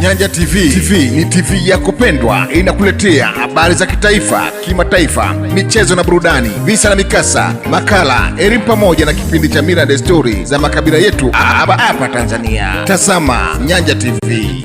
Nyanja TV. TV ni TV yako pendwa, inakuletea habari za kitaifa, kimataifa, michezo na burudani, visa na mikasa, makala, elimu pamoja na kipindi cha mila na desturi za makabila yetu hapa hapa Tanzania. Tazama Nyanja TV.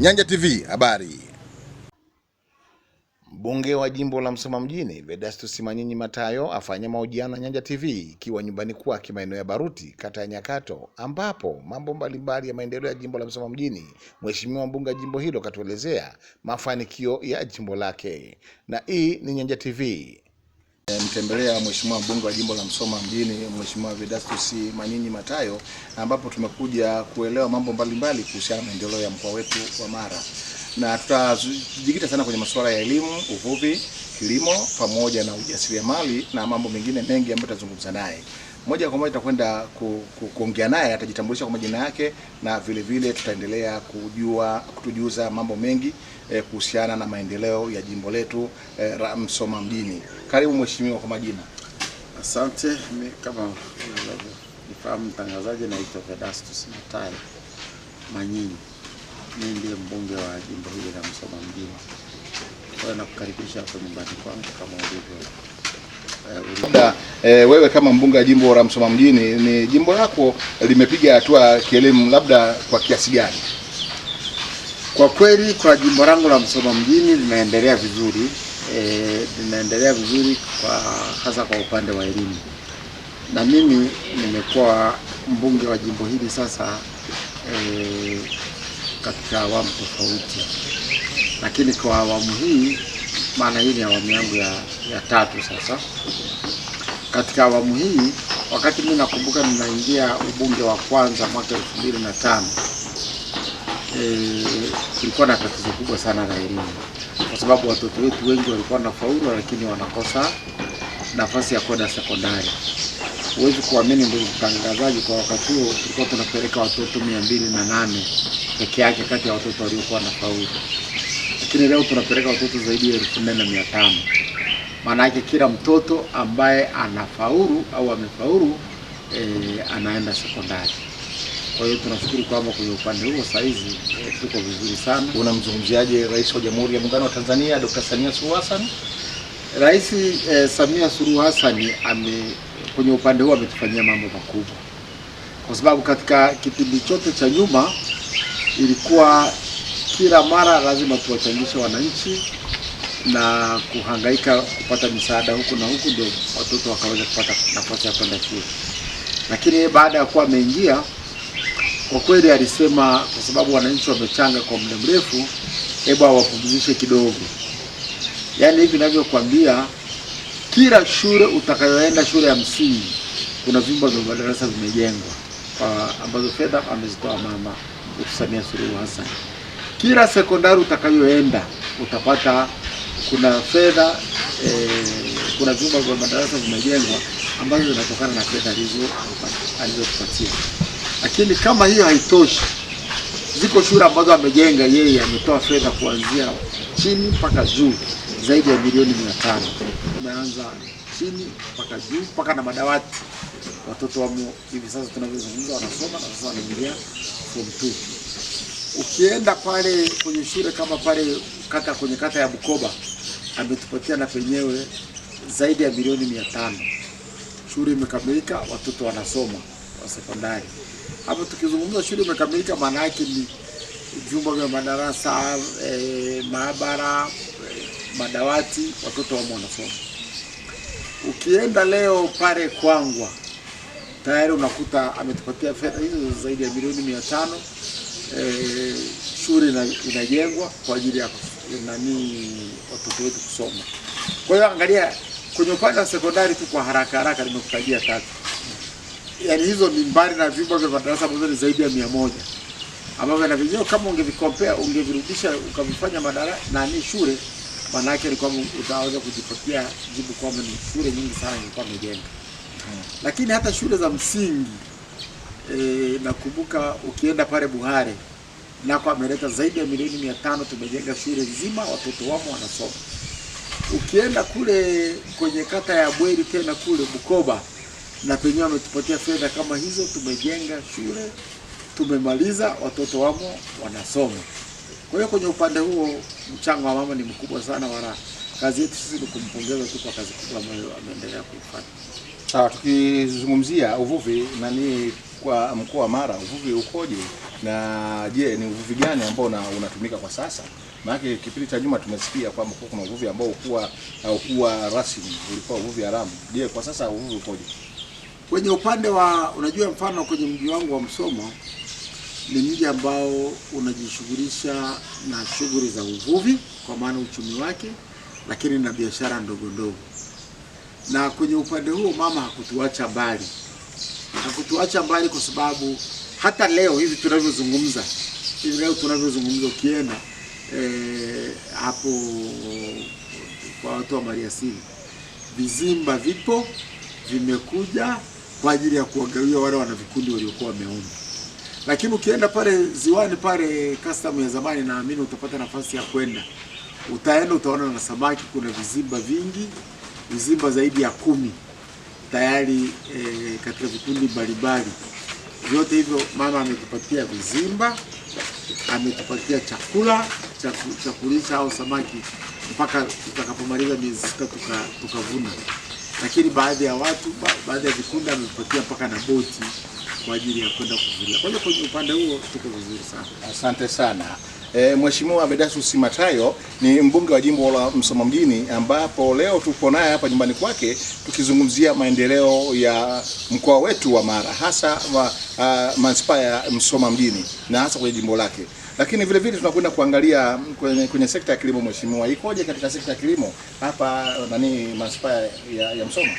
Nyanja TV habari. Mbunge wa jimbo la Msoma Mjini, Vedastus Manyinyi Matayo afanya mahojiano na Nyanja TV ikiwa nyumbani kwake maeneo ya Baruti, kata ya Nyakato, ambapo mambo mbalimbali ya maendeleo ya jimbo la Msoma Mjini, mheshimiwa mbunge wa jimbo hilo katuelezea mafanikio ya jimbo lake. Na hii ni Nyanja TV. Mtembelea mheshimiwa mbunge wa jimbo la Msoma mjini Mheshimiwa Vedastus Manyinyi Matayo ambapo tumekuja kuelewa mambo mbalimbali kuhusiana na maendeleo ya mkoa wetu wa Mara na tutajikita sana kwenye masuala ya elimu, uvuvi, kilimo pamoja na ujasiriamali na mambo mengine mengi ambayo tutazungumza naye moja kwa moja. Tutakwenda kuongea naye, atajitambulisha kwa majina yake na vile vile tutaendelea kujua kutujuza mambo mengi eh, kuhusiana na maendeleo ya jimbo letu eh, la Msoma mjini. Karibu mheshimiwa, kwa majina. Asante. Mimi kama nifahamu mtangazaji, naitwa Vedastus Matai Manyini mimi ndiye mbunge wa jimbo hili la Musoma mjini. Kwa hiyo nakukaribisha hapo nyumbani kwangu kama ulivyo eh, Labda e, wewe kama mbunge wa jimbo la Musoma mjini, ni jimbo lako limepiga hatua kielimu, labda kwa kiasi gani? Kwa kweli kwa jimbo langu la Musoma mjini linaendelea vizuri eh, linaendelea vizuri kwa hasa kwa upande wa elimu, na mimi nimekuwa mbunge wa jimbo hili sasa e, katika awamu tofauti, lakini kwa awamu hii, maana hii ni awamu yangu ya, ya tatu sasa. Katika awamu hii, wakati mimi nakumbuka ninaingia ubunge wa kwanza mwaka elfu mbili na tano e, kulikuwa na tatizo kubwa sana la elimu, kwa sababu watoto wetu wengi walikuwa na faulu, lakini wanakosa nafasi ya kwenda sekondari. Huwezi kuamini, ndugu mtangazaji, kwa wakati huo tulikuwa tunapeleka watoto mia mbili na nane peke yake kati ya watoto waliokuwa na faulu, lakini leo tunapeleka watoto zaidi ya elfu nne na mia tano. Maana yake kila mtoto ambaye anafaulu au amefaulu e, anaenda sekondari. Kwa hiyo tunashukuru kwamba kwenye upande huo saizi e, eh, tuko vizuri sana. Unamzungumziaje Rais wa Jamhuri ya Muungano wa Tanzania Dr. Samia Suluhu Hassan? Rais e, Samia Suluhu Hassan ame kwenye upande huo ametufanyia mambo makubwa, kwa sababu katika kipindi chote cha nyuma ilikuwa kila mara lazima tuwachangishe wananchi na kuhangaika kupata misaada huku na huku, ndio watoto wakaweza kupata nafasi ya kwenda shule. Lakini baada ya kuwa ameingia, kwa kweli alisema kwa sababu wananchi wamechanga kwa muda mrefu, hebu awapumzishe kidogo. Yaani hivi ninavyokuambia, kila shule utakayoenda, shule ya msingi, kuna vyumba vya madarasa vimejengwa, ambazo fedha amezitoa mama. Samia Suluhu Hassan. Kila sekondari utakayoenda utapata kuna fedha e, kuna vyumba vya madarasa vimejengwa ambazo zinatokana na fedha alizotupatia. Lakini kama hiyo haitoshi, ziko shule ambazo amejenga yeye, ametoa fedha kuanzia chini mpaka juu zaidi ya milioni mia tano. Umeanza chini mpaka juu mpaka na madawati watoto wamo hivi sasa tunavyozungumza wanasoma na sasa wanaingia form 2. Ukienda pale kwenye shule kama pale kata kwenye kata ya Bukoba ametupatia na penyewe zaidi ya milioni mia tano. Shule imekamilika, watoto wanasoma wa sekondari. Hapo tukizungumza shule imekamilika, maana yake ni vyumba vya madarasa e, maabara e, madawati, watoto wamo wanasoma. Ukienda leo pale Kwangwa tayari unakuta ametupatia fedha hizo zaidi ya milioni mia tano. E, shule inajengwa kwa ajili ya nani watoto wetu kusoma. Kwa hiyo angalia kwenye upande wa sekondari tu kwa haraka haraka nimekutajia tatu. Yaani hizo ni mbali na vyumba vya madarasa ambazo ni zaidi ya mia moja ambavyo na vijio kama ungevikopea ungevirudisha ukavifanya madarasa na ni shule, maana yake ni kwamba utaweza kujipatia jibu kwamba ni shule nyingi sana ilikuwa imejenga lakini hata shule za msingi e, nakumbuka ukienda pale Buhare nako ameleta zaidi ya milioni mia tano tumejenga shule nzima, watoto wamo wanasoma. Ukienda kule kwenye kata ya Bweri tena kule Bukoba na penyewe wametupatia fedha kama hizo, tumejenga shule tumemaliza, watoto wamo wanasoma. Kwa hiyo kwenye upande huo mchango wa mama ni mkubwa sana, wala kazi yetu sisi ni kumpongeza tu kwa kazi kubwa ambayo ameendelea kuifanya. Sawa, ah, tukizungumzia uvuvi nani kwa mkoa wa Mara uvuvi ukoje, na je, ni uvuvi gani ambao unatumika kwa sasa? Maana kipindi cha nyuma tumesikia kwamba kuna uvuvi ambao ukuwa haukuwa rasmi, ulikuwa uvuvi haramu. Je, kwa sasa uvuvi ukoje kwenye upande wa, unajua mfano kwenye mji wangu wa Msomo ni mji ambao unajishughulisha na shughuli za uvuvi kwa maana uchumi wake, lakini na biashara ndogo ndogo na kwenye upande huo mama hakutuacha mbali, hakutuacha mbali kwa sababu hata leo hivi tunavyozungumza, hivi leo tunavyozungumza, ukienda eh, hapo kwa watu wa maliasili vizimba vipo vimekuja kwa ajili ya kuwagawia wale wana vikundi waliokuwa wameunda, lakini ukienda pale ziwani pale custom ya zamani, naamini utapata nafasi ya kwenda, utaenda utaona na samaki, kuna vizimba vingi vizimba zaidi ya kumi tayari e, katika vikundi mbalimbali. Vyote hivyo mama ametupatia vizimba, ametupatia chakula cha kulisha au samaki mpaka tutakapomaliza miezi sita tukavuna tuka, lakini baadhi ya watu ba, baadhi ya vikundi ametupatia mpaka na boti kwa ajili ya kwenda kuvulia. Kwa hiyo kwenye upande huo tuko vizuri sana, asante sana. E, Mheshimiwa Abedatus Matayo ni mbunge wa jimbo la Msoma mjini ambapo leo tuko naye hapa nyumbani kwake tukizungumzia maendeleo ya mkoa wetu wa Mara hasa wa, uh, manispaa ya Msoma mjini na hasa kwenye jimbo lake lakini vile vile tunakwenda kuangalia kwenye, kwenye sekta ya kilimo. Mheshimiwa, ikoje katika sekta ya kilimo hapa nani manispaa ya, ya Msoma?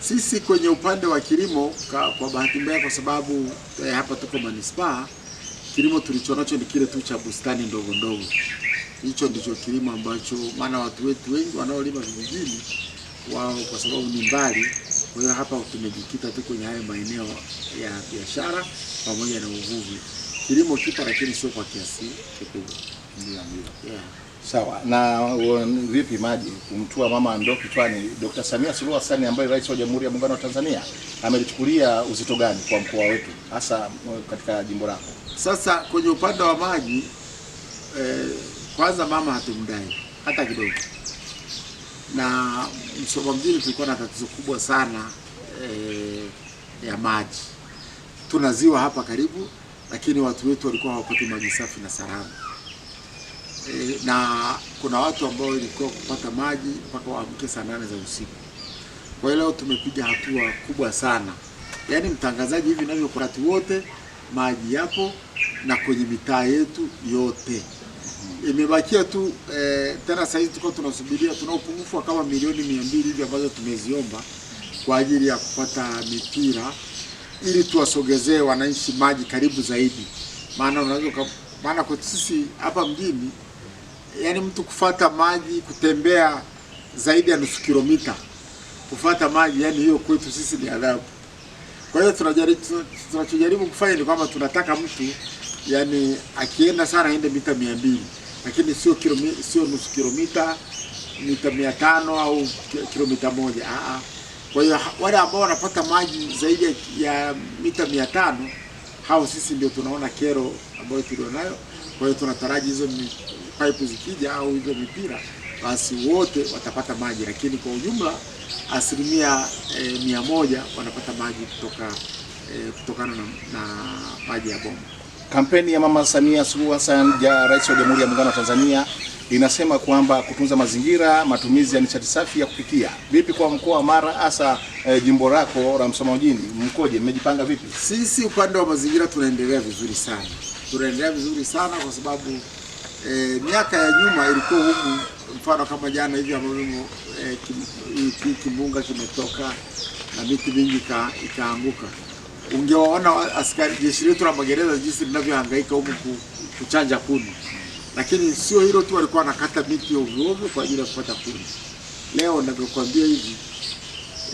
Sisi kwenye upande wa kilimo kwa bahati mbaya, kwa sababu eh, hapa tuko manispaa kilimo tulichonacho ni kile tu cha bustani ndogo ndogo. Hicho ndicho kilimo ambacho, maana watu wetu wengi wanaolima vijijini wao kwa sababu ni mbali. Kwa hiyo hapa tumejikita tu kwenye hayo maeneo ya biashara pamoja na uvuvi. Kilimo kipo, lakini sio kwa kiasi kikubwa. Ndio, ndio, yeah. Sawa na uh, vipi maji kumtua mama ndoo kichwani? Dkt. Samia Suluhu Hassan ambaye rais wa Jamhuri ya Muungano wa Tanzania amelichukulia uzito gani kwa mkoa wetu hasa uh, katika jimbo lako? Sasa kwenye upande wa maji eh, kwanza mama hatumdai hata kidogo, na Msoma mjini tulikuwa na tatizo kubwa sana eh, ya maji. Tuna ziwa hapa karibu, lakini watu wetu walikuwa hawapati maji safi na salama e, na kuna watu ambao ilikuwa kupata maji mpaka waamke saa nane za usiku. Kwa hiyo leo tumepiga hatua kubwa sana, yaani mtangazaji, hivi navyo wakati wote maji yapo na kwenye mitaa yetu yote imebakia tu e, tena sasa hizi tuko tunasubiria, tuna upungufu kama milioni mia mbili hivi ambazo tumeziomba kwa ajili ya kupata mipira ili tuwasogezee wananchi maji karibu zaidi, maana unaweza maana kwa sisi hapa mjini yani mtu kufata maji kutembea zaidi ya nusu kilomita kufata maji, yani hiyo kwetu sisi ni adhabu. Kwa hiyo tunachojaribu kufanya ni kwamba tunataka mtu yani akienda sana aende mita mia mbili lakini sio kilomita, sio nusu kilomita, mita mia tano au kilomita moja. Aa, kwa hiyo wale ambao wanapata maji zaidi ya mita mia tano hao sisi ndio tunaona kero ambayo tulionayo. Kwa hiyo tunataraji hizo pipe zikija au hivyo mipira, basi wote watapata maji, lakini kwa ujumla asilimia e, mia moja wanapata maji kutoka e, kutokana na, na maji ya bomba. Kampeni ya Mama Samia Suluhu Hassan ja Rais wa Jamhuri ya Muungano wa Tanzania inasema kwamba kutunza mazingira, matumizi ya nishati safi ya kupikia. Vipi kwa mkoa wa Mara, hasa e, jimbo lako la Msoma mjini, mkoje? Mmejipanga vipi? Sisi upande wa mazingira tunaendelea vizuri sana, tunaendelea vizuri sana kwa sababu e, miaka ya nyuma ilikuwa huku, mfano kama jana hivi ambavyo e, kim, e, kimbunga kimetoka na miti mingi ikaanguka, ungewaona askari jeshi letu la magereza jinsi linavyohangaika huku kuchanja kuni. Lakini sio hilo tu, walikuwa wanakata miti ovyo ovyo kwa ajili ya kupata kuni. Leo ninavyokuambia hivi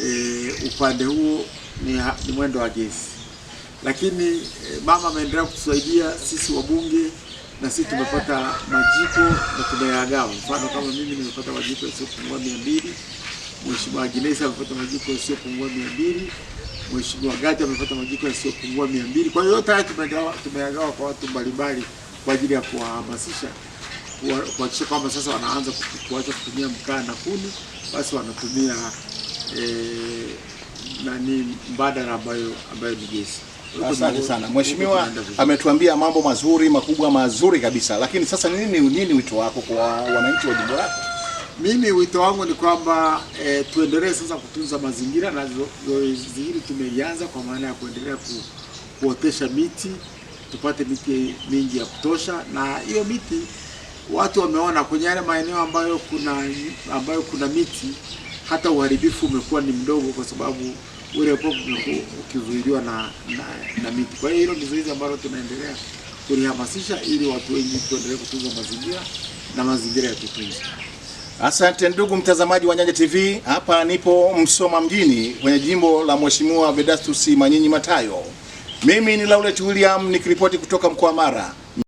e, upande huo ni, ni mwendo wa gesi, lakini e, mama ameendelea kutusaidia sisi wabunge na sisi tumepata majiko na tumeyagawa. Mfano kama mimi nimepata majiko yasiyopungua mia mbili, Mheshimiwa Agnesa amepata majiko yasiyopungua mia mbili, Mheshimiwa Gati amepata majiko yasiyopungua mia mbili. Kwa hiyo yote haya tumeyagawa kwa watu mbalimbali kwa ajili ya kuwahamasisha kuhakikisha kwamba sasa wanaanza kuacha kutumia mkaa na kuni, basi wanatumia eh, nani mbadala ambayo ambayo ni gesi. Asante sana mheshimiwa, ametuambia mambo mazuri makubwa mazuri kabisa, lakini sasa nini nini wito wako kwa wananchi wa jimbo lako? Mimi wito wangu ni kwamba e, tuendelee sasa kutunza mazingira na zoezi hili tumeianza kwa maana ya kuendelea ku, kuotesha miti tupate miti mingi ya kutosha, na hiyo miti watu wameona kwenye yale maeneo ambayo kuna ambayo kuna miti hata uharibifu umekuwa ni mdogo kwa sababu ule upovu ukizuiliwa na, na, na miti. Kwa hiyo hilo ni zoezi ambalo tunaendelea kulihamasisha ili watu wengi tuendelee kutunza mazingira na mazingira ya kutunza. Asante ndugu mtazamaji wa Nyanja TV, hapa nipo Msoma mjini kwenye jimbo la Mheshimiwa Vedastus Manyinyi Matayo. Mimi ni Laulet William nikiripoti kutoka mkoa Mara.